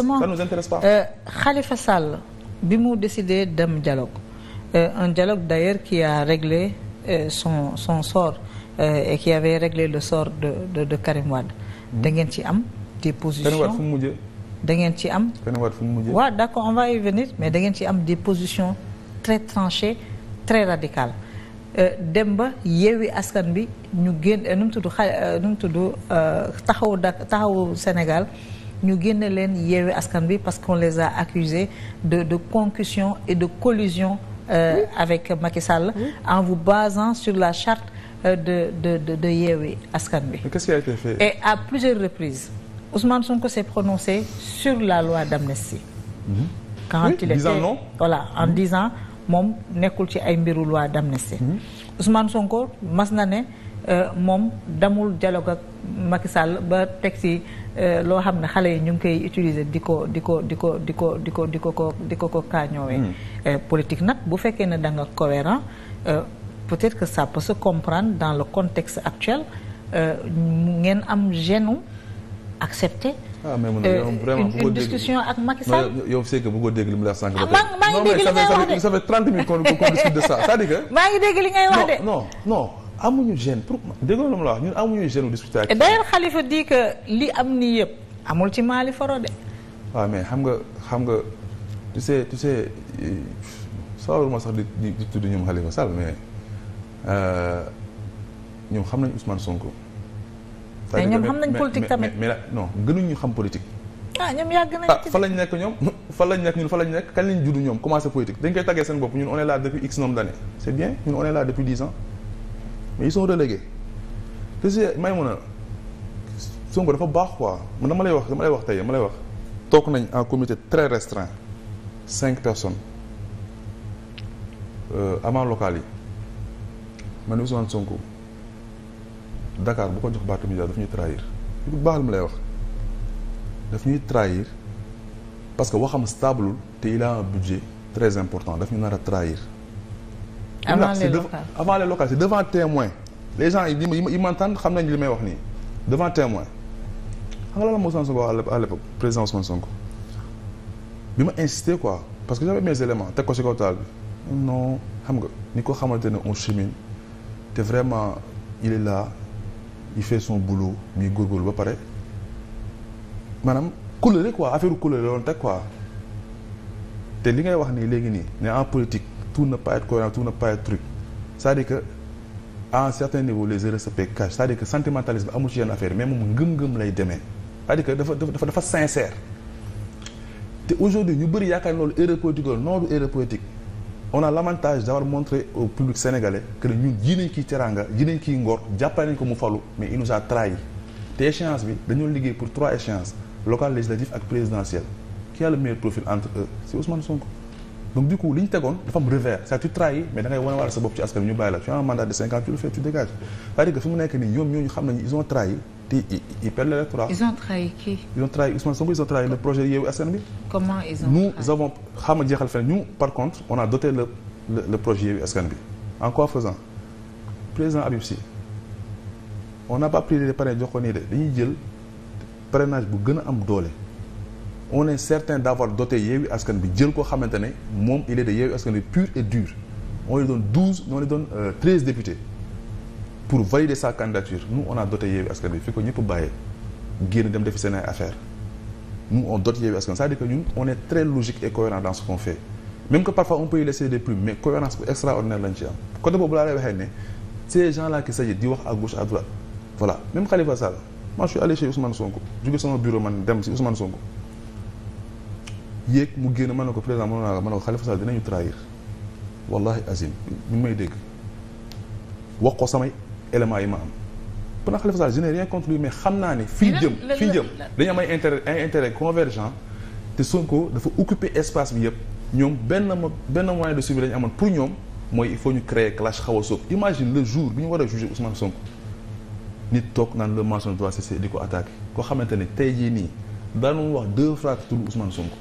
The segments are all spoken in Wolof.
justement ça nous intéresse euh, bi mu décidé dem dialogue euh, un dialogue d'ailleurs qui a réglé euh, son son sort et qui avait réglé le sort de de de Karim Wade. Hmm. da ngeen ci am des positions Karim Wade da ngeen ci am. Karim Wade fu mu mujjee. waaw d'accord venir mais da ngeen ci am des positions très tranchées très radicales. dem ba yeewi askan bi ñu génn nu mu tudd nu mu tudd taxawu Dakar taxawu Sénégal. ñu génne leen yeewi askan bi parce qu'on les a accusés de de concussion et de collision euh, avec Macky en vous basant sur la charte euh, de de de, de yeewi askan bi. mais qu'est-ce a été fait? et à plusieurs reprises Ousmane Sonko s'est prononcé sur la loi d'amnistie. Mmh. quand oui, il était non. voilà en mm-hmm. dix disant moom nekkul ci ay mbiru loi d'amnistie. Mm-hmm. Ousmane Sonko mas Euh, moom damul dialogue ak Macky Sall ba teg ci euh, loo xam ne xale yi ñu ngi koy utiliser di ko di ko di ko di ko di ko di ko ko di ko ko kaañoowee hmm. euh, politique nag bu fekkee ne da nga cohérent peut-être que ça peut se comprendre dans le contexte actuel ngeen am gêne accepter ah mais man yow vraiment bu ko dégg une discussion ak Macky yow c'est que bu ko ah, dégg li mu la sànq. ah maa ngi dégg li ngay de non mais ça fait que. maa ngi dégg li ngay wax de amuñu gêne pour déggoo la ma la wax ñun amuñu gêne bu discuter ak. Eh, li am nii yëpp amul ci Mali Faro de. waaw mais xam nga xam nga tu sais tu sais sawaruma sax di di di tudd ñoom Khalifa Sall mais euh, ñoom xam nañ Ousmane Sonko. mais ñoom xam nañ politique tamit mais non gënuñu xam politique. ah ñoom yàgg nañ ah, fa lañ nekk ñoom fa lañ nekk ñun fa lañ nekk kañ lañ juddu ñoom commencé politique dañ koy taggee seen bopp ñun on est depuis x nombre d'années c'est bien ñun on est depuis dix mais ils sont relégués te si may mun a Sonko dafa baax quoi man dama lay wax dama lay wax tey dama lay wax toog nañ en comité très restreint cinq personnes euh, amant local yi man ni Ousmane Sonko Dakar bu ko jox baatu média daf ñuy trahir lu baax la ma lay wax daf ñuy trahir parce que waxam stablul te il a un budget très important daf ñu nar a trahir avant les locales avant les locales c'est devant témoin les gens yi m'entendent xam nañ li may wax nii devant témoin xam nga la Ousmane Sonko à l'époque président Ousmane Sonko bi ma insisté quoi parce que j'avais mes éléments teg ko ci kaw taal bi non xam nga ni ko xamante ne on chemine te vraiment il est là il fait son boulot muy góorgóorlu ba pare maanaam couleur quoi affaire couleur la doon teg quoi te li ngay wax nii léegi nii ne en politique tout ne pas être cohérent tout ne pas être que à un certain niveau les erreurs se paient cash cest à amul ci yenn affaire mais moom ngëm-ngëm lay demee c'est-à-dire que dafa dafa dafa sincère te aujourd'hui ñu bëri yaakaar loolu erreur politique loolu noonu erreur politique on a l'avantage d'avoir montré au public sénégalais que ne ñun ji nañ kii teraanga ji nañ kii ngor jàppale nañ ko mu falu mais il nous a trahi te échéance dañoo liggéey pour trois échéances locales législatives ak présidentielles qui a le meilleur profil entre eux c'est Ousmane Sonko donc du coup li ñu tegoon dafa am revers c'est-à-dire tu mais da wane waale sa bopp ci askan ñu bàyyi la tu as mandat de cinq ans tu le tu dégages cest à que fi mu nekk nii ñoom ñooñu xam nañu ils ont trahi te ils perdent l'électorat. ils ont trahi qui. ils ont trahi Ousmane Sonko ils ont trahi le projet Yewwi Askan Wi. nous avons xam jeexal feneen ñu par contre on a doté le le, projet Yewwi Askan Wi en quoi faisant président n'a pas pris les parrains jox ko nii de jël parrainage bu gën a am doole. on est certain d'avoir doté Yewwi Askan Wi jël ko xamante ne moom il est de Yewwi Askan Wi pur et dur on lui donne douze on euh, treize députés pour valider sa candidature nous on a doté Yewwi Askan Wi fi ko ñëpp bàyyee génn dem defi seen ay affaire nous dote Yewwi Askan Wi c'est-à-dire que ñun on est très logique et cohérent dans ce qu'on fait même que parfois on peut y laisser des mais cohérence bu extraordinaire lañ ci am côté boobu laa lay waxee ne ces gens là qui s'agit di wax man dem yéeg mu génn mën na ko président mënoon naa la mën na ko Khalifa Sall dinañu trahir wallahi azim ñu may dégg wax ko samay éléments yi ma am pour na xam naa ne fii jëm fii jëm dañu am ay intérêt ay convergent te Sonko dafa occuper espace bi yëpp ñoom benn benn moyen de suivi la ñu amoon pour ñoom mooy il faut ñu créer clash xaw a soof imagine le jour bi ñu war a juger Ousmane Sonko nit toog naan le mensonge doit cesser di ko attaque koo xamante ne tey jii nii daanu wax deux phrases tudd Ousmane Sonko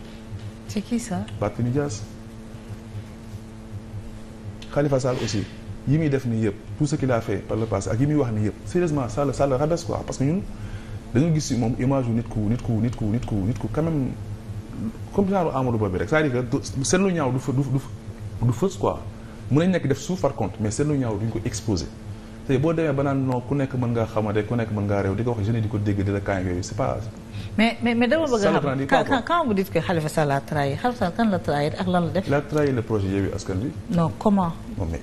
c'est kii ça. Barthélémy Dias Khalifa Sall aussi yi muy def nii yëpp tout ce qu'il a fait par le passé ak yi muy wax nii yëpp sérieusement ça le ça le rabaisse quoi parce que ñun dañu gis si moom image yu nit ku nit ku nit ku nit ku nit ku quand même comme genre Amadou bi rek cest seen lu ñaaw du fa du fa du fës quoi mën nañ nekk def suuf par contre mais seen lu ñaaw duñ ko exposé. tey boo demee ba naan non ku nekk mën ngaa xamante ku nekk mën ngaa réew di ko wax jeunes yi di ko dégg di la kaay yooyu c'est pas. mais mais mais dama bëgg a xam quand quand quand vous dites que Khalifa Sall a trahi Khalifa Sall kan la trahir ak lan la def. il a trahi le projet Yewwi Askan Wi. non comment. non mais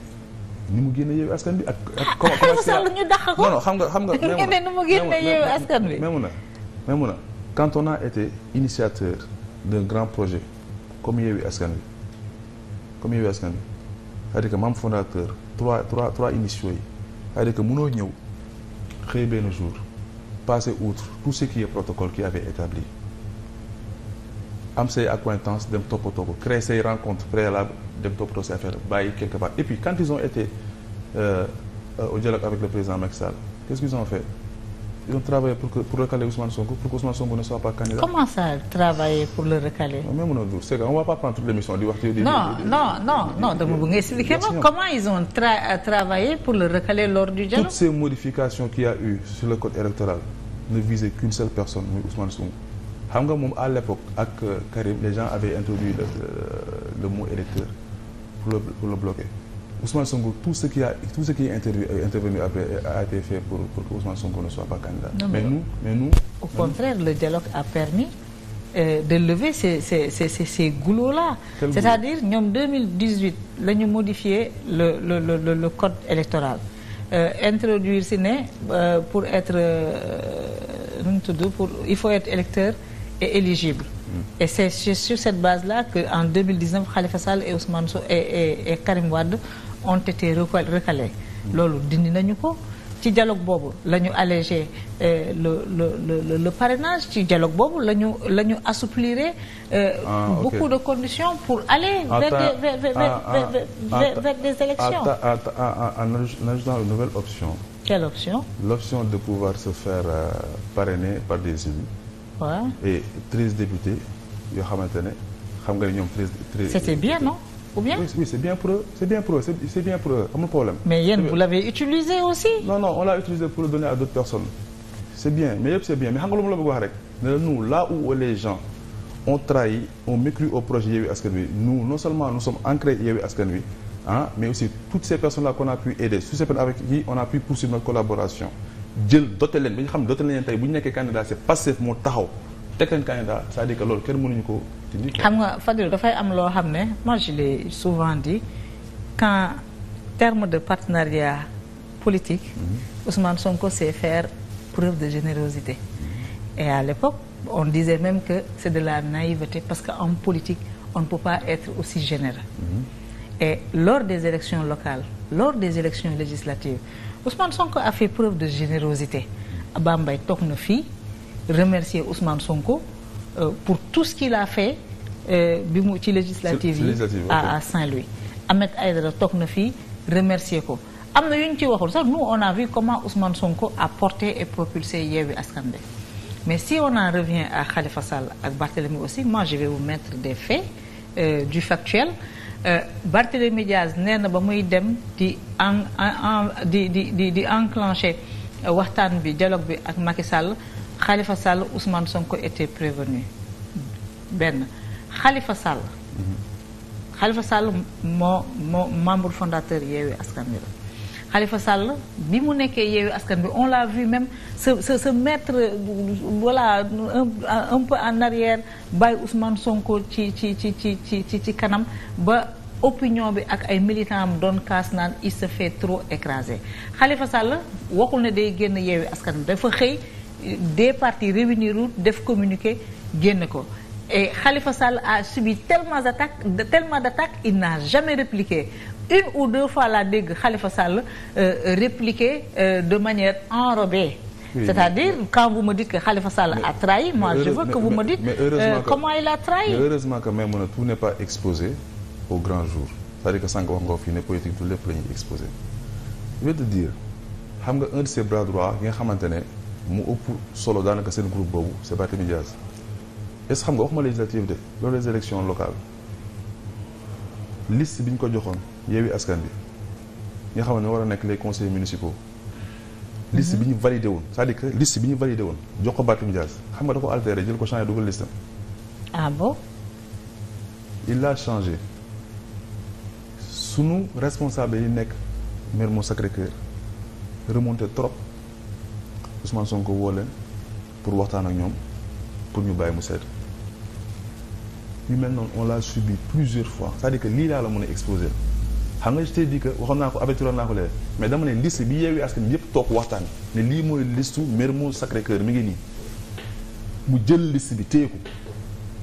ni mu génne Yewwi Askan Wi ak. ak ah, comment Khalifa Sall ñu dàq ko. non non xam nga xam nga. mais mu génne Yewwi Askan Wi mais mu na mais mu na quand on a été initiateur d'un grand projet comme Yewwi Askan Wi comme Yewwi Askan Wi c'est-à-dire que membre fondateur trois trois trois émissions yi. c'est-à-dire que mënoo ñëw xëy jour passer outre tout ce qui est protocole qui avait établi am say accointances dem toppatoo ko créer say rencontres la dem toppatoo say affaire bàyyi quelque part et puis quand ils ont été euh, euh, au dialogue avec le président Macky Sall qu'est-ce qu'ils ont fait ils ont travaillé pour que pour recaler Ousmane Sonko pour que Ousmane Sonko ne soit pas candidat. comment ça travailler pour le recaler. non mais mënoo c'est que on va pas prendre toute l'émission di wax ci. non non non non dama bëgg nga expliquer ma comment ils ont tra pour le recaler lors du dialogue. toutes ces modifications a eu sur le code électoral ne visaient qu'une seule personne muy Ousmane Sonko. xam nga moom à l'époque ak euh, Karim les gens avaient introduit le le, euh, le mot électeur pour Ousmane Sonko tout ce qui est euh, intervenu euh, a été fait pour pour que Ousmane Sonko ne soit pas candidat. Non, mais, mais nous mais nous. au contraire nous. le dialogue a permis euh, de lever ces ces ces ces, ces goulots là. c'est-à-dire ñoom 2018 la ñu modifier le le le le le code électoral. Euh, introduire sine ne pour être nu mu tudd pour il faut être électeur et éligible. Mm. Et c'est sur cette base-là qu'en en Khalifa Sall et Ousmane so et, et, et Karim Wade ont été recalés loolu dindi nañu ko ci dialogue boobu la ñu allégé euh, le le le le parrainage ci dialogue boobu la ñu la ñu assouplir euh, ah, beaucoup de conditions pour aller vers des vers vers ah, ah, des élections en ajoutant une nouvelle option quelle option l'option de pouvoir se faire euh, parrainer par des élus waaw et treize députés yoo xamante ne xam nga ne ñoom treize c'était bien non ou bien oui, oui c'est bien pour eux c'est bien pour eux c'est bien pour eux amul problème. mais yéen vous l'avez utilisé aussi. non non on l'a utilisé pour le donner à d'autres personnes. c'est bien mais yëpp c'est bien mais xam nga lu ma la bëgg wax rek ne la nous là où les gens ont trahi ont mécru au projet Yewwi Askan Wi nous non seulement nous sommes ancrés Yewwi Wi ah mais aussi toutes ces personnes là qu'on a pu aider sous a pu poursuivre notre collaboration jël doté leen ba ñu xam doté leen tey bu teg leen candidat c'est-à-dire que loolu kenn mënuñu ko dindi. xam nga dafay am loo xam ne moi je l'ai souvent dit qu'en terme de partenariat politique mhm. Ousmane Sonko sait faire preuve de générosité mhm. et à l'époque on disait même que c'est de la naïveté parce que qu'en politique on ne peut pas être aussi généreux mhm. et lors des élections locales lors des élections législatives Ousmane Sonko a fait preuve de générosité Bambay toog na fii remercier Ousmane Sonko euh, pour tout ce qu'il a fait euh, bi mu ci législative yi à Saint-Louis Ahmed Aïdara toog na fii remercier ko am na yu ñu ci waxul sax nous on a vu comment Ousmane Sonko a porté et propulsé Yewwi Askan Wi mais si on en revient à Khalifa Sall ak Barthélémy aussi moi je vais vous mettre des faits euh, du factuel euh, Barthélémy Diaz nee na ba muy dem di en, di di di di enclencher waxtaan bi dialogue bi ak Macky Sall xalifa Sall Ousmane Sonko était prévenu benn Khalifa Sall. Mhm. Khalifa Sall moo moo membre fondateur Yewwi Askan Wi la. Khalifa Sall bi mu nekkee Yewwi Askan bi on l'a vu même se se se mettre un, un peu en arrière bàyyi Ousmane Sonko ci ci ci ci ci ci ci kanam ba. opinion bi ak ay militant am doon kaas naan il se fait trop écraser Khalifa Sall waxul ne day génn yeewi askan bi dafa xëy des partis réunir def communiqué génn ko et Khalifa Sall a subi tellement d'attaques tellement d'attaques il n'a jamais répliqué une ou deux fois laa dégg Khalifa Sall euh, euh, de manière enrobée oui, c'est-à-dire quand vous me dites que Khalifa Sall a trahi moi je veux que vous mais, euh, me comment il a trahi mais heureusement que même tout n'est pas exposé au grand jour c'est-à-dire que sànq wax nga fii ne politique du lépp la exposé je te dire xam nga un bras droits ne mu ëpp solo daanaka seen groupe boobu c' est Barthélémy Dias est-ce xam nga waxuma législative de loolu les élections locales liste bi ñu ko joxoon Yewwi Askan bi nga xam ne war a nekk les conseillers municipaux liste bi ñu mhm. validé woon c'est-à-dire que liste bi ñu validé woon jox ko Barthélémy Dias xam nga da ko altéré jël ko changé dugal listam ah bon il a changé sunu responsable yi nekk Mermoz Sacré-Cœur remonté trop Ousmane Sonko woo leen pour waxtaan ak ñoom pour ñu bàyyi mu sedd yu mel noonu on l'a subi plusieurs fois c'est-à-dire que lii laa la mën a exposé xam nga je t'ai dit waxoon naa ko avertir naa ko léegi mais dama ne liste bi yeewi askan yëpp toog waxtaan ne lii mooy listu Mermoz Sacré-Cœur mu ngi nii mu jël liste bi téye ko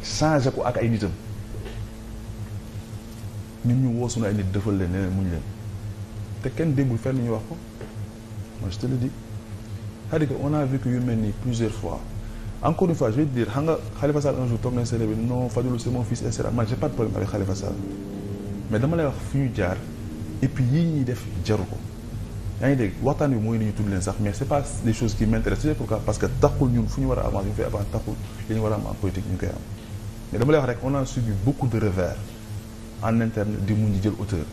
changé ko ak ay nitam ñun ñu woosu na ay nit defal leen ne muñ leen te kenn déggul fenn ñu wax ko c'est-à-dire que on a vécu yu mel nii plusieurs fois encore une fois je vais dire xam nga Khalifa Sall un jour toog nañ sëriñ bi non Fadilou c'est mon fils et cetera man mais dama lay wax fu ñu jaar et puis ñuy def jaru ko yaa ngi de waxtaan bi mooy ni ñu tudd leen sax mais c'est pas des choses qui m'intéressent c'est pourquoi parce que taxul ñun fu ñu war a avancer ñu fay avancer taxul li ñu war a am en politique ñu koy am mais dama lay wax rek on a subi beaucoup jël hauteur